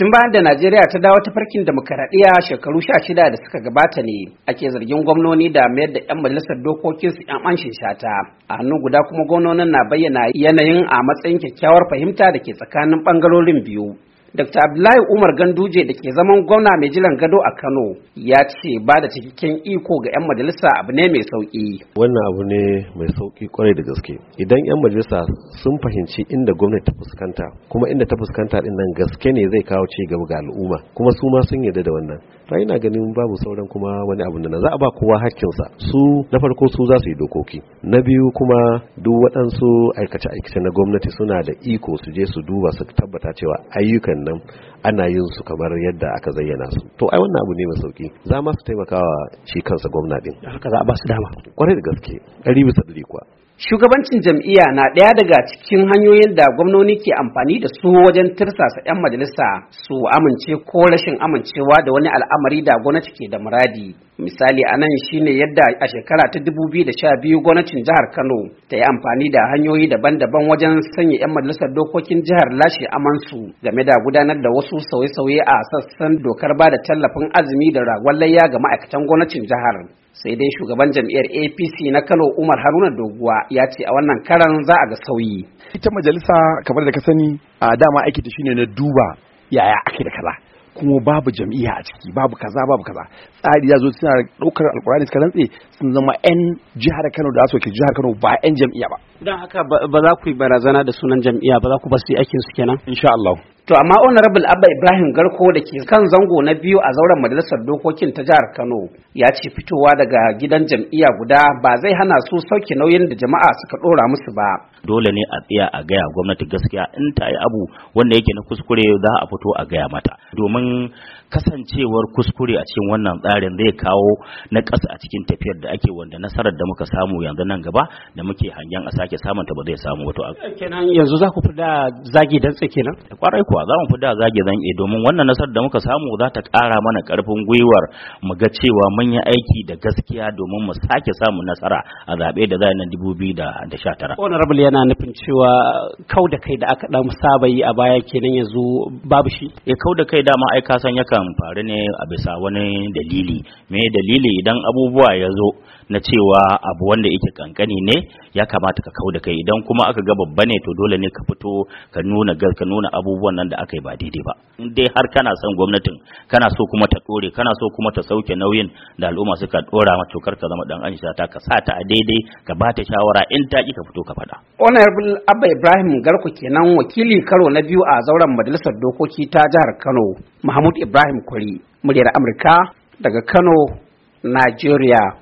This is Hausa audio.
tun bayan da najeriya ta dawo ta farkin demokaradiyya shekaru sha shida da suka gabata ne ake zargin gwamnoni da mayar da 'yan majalisar dokokin su 'yan amshin shata a hannu guda kuma gwamnonin na bayyana yanayin a matsayin kyakkyawar fahimta da ke tsakanin bangarorin biyu Dr. Abdullahi Umar Ganduje da ke zaman gwamna mai jiran gado a Kano ya ce ba da cikakken iko ga 'yan majalisa abu ne mai sauƙi. Wannan abu ne mai sauƙi kwarai da gaske. Idan 'yan majalisa sun fahimci inda gwamnati ta fuskanta kuma inda ta fuskanta din nan gaske ne zai kawo ci gaba ga al'umma kuma su ma sun yarda da wannan. Ta ina ganin babu sauran kuma wani abu na za a ba kowa hakkinsa su na farko su za su yi dokoki na biyu kuma duk waɗansu aikace-aikace na gwamnati suna da iko su je su duba su tabbata cewa ayyukan ayyukan nan ana yin su kamar yadda aka zayyana su to ai wannan abu ne mai sauki za ma su taimakawa shi kansa gwamna din haka za a ba su dama kwarai da gaske ɗari bisa ɗari kuwa Shugabancin jam'iyya na ɗaya daga cikin hanyoyin da gwamnoni ke amfani da su wajen tirsasa 'yan majalisa su amince ko rashin amincewa da wani al'amari da gwamnati ke da muradi. Misali a nan shine yadda a shekara ta 2012 gwamnatin jihar Kano ta yi amfani da hanyoyi daban-daban wajen sanya 'yan majalisar dokokin jihar lashe amansu game da gudanar da wasu sauye-sauye a sassan dokar ba da tallafin azumi da ragon layya ga ma'aikatan gwamnatin jihar. sai dai shugaban jam'iyyar apc na kano umar haruna doguwa ya ce a wannan karan za a ga sauyi ita majalisa kamar da ka sani a dama aiki ta shine na duba yaya ake da kaza kuma babu jam'iyya a ciki babu kaza babu kaza tsari ya zo suna ɗaukar alkurani suka rantse sun zama 'yan jihar kano da soke jihar kano ba 'yan jam'iyya ba don haka ba za ku yi barazana da sunan jam'iyya ba za ku ba su aikin su kenan insha Allah To amma Honorable Abba Ibrahim Garko da ke kan zango na biyu a zauren majalisar dokokin ta jihar Kano ya ce fitowa daga gidan jam'iyya guda ba zai hana su sauke nauyin da jama'a suka dora musu ba. Dole ne a tsaya a gaya gwamnati gaskiya in ta yi abu wanda yake na kuskure za a fito a gaya mata. Domin kasancewar kuskure a cikin wannan tsarin zai kawo na ƙasa a cikin tafiyar da ake wanda nasarar da muka samu yanzu nan gaba da muke hangen a sake samunta ba zai samu wato. Kenan yanzu za ku fi da zagi dantse kenan? Kwarai kuwa yawa za mu fi da zage e domin wannan nasarar da muka samu za ta kara mana karfin gwiwar mu ga cewa mun yi aiki da gaskiya domin mu sake samun nasara a zaɓe da zai na 2019. Honorable yana nufin cewa kau da kai da aka ɗan saba yi a baya kenan yanzu babu shi. Ya eh, kau da kai dama ai kasan yakan faru ne a bisa wani dalili. Me dalili idan abubuwa ya zo na cewa abu wanda yake kankani ne ya kamata ka kau da kai idan kuma aka ga babba ne to dole ne ka fito ka nuna ka nuna abubuwan nan da aka yi ba daidai ba in dai har kana son gwamnatin kana so kuma ta dore kana so kuma ta sauke nauyin da al'umma suka dora ma cokar ka zama dan anisa ta ka sa ta a daidai ka ba ta shawara in ta ki ka fito ka faɗa honorable abba ibrahim garko kenan wakili karo na biyu a zauren majalisar dokoki ta jihar kano mahmud ibrahim kwari muryar amurka daga kano nigeria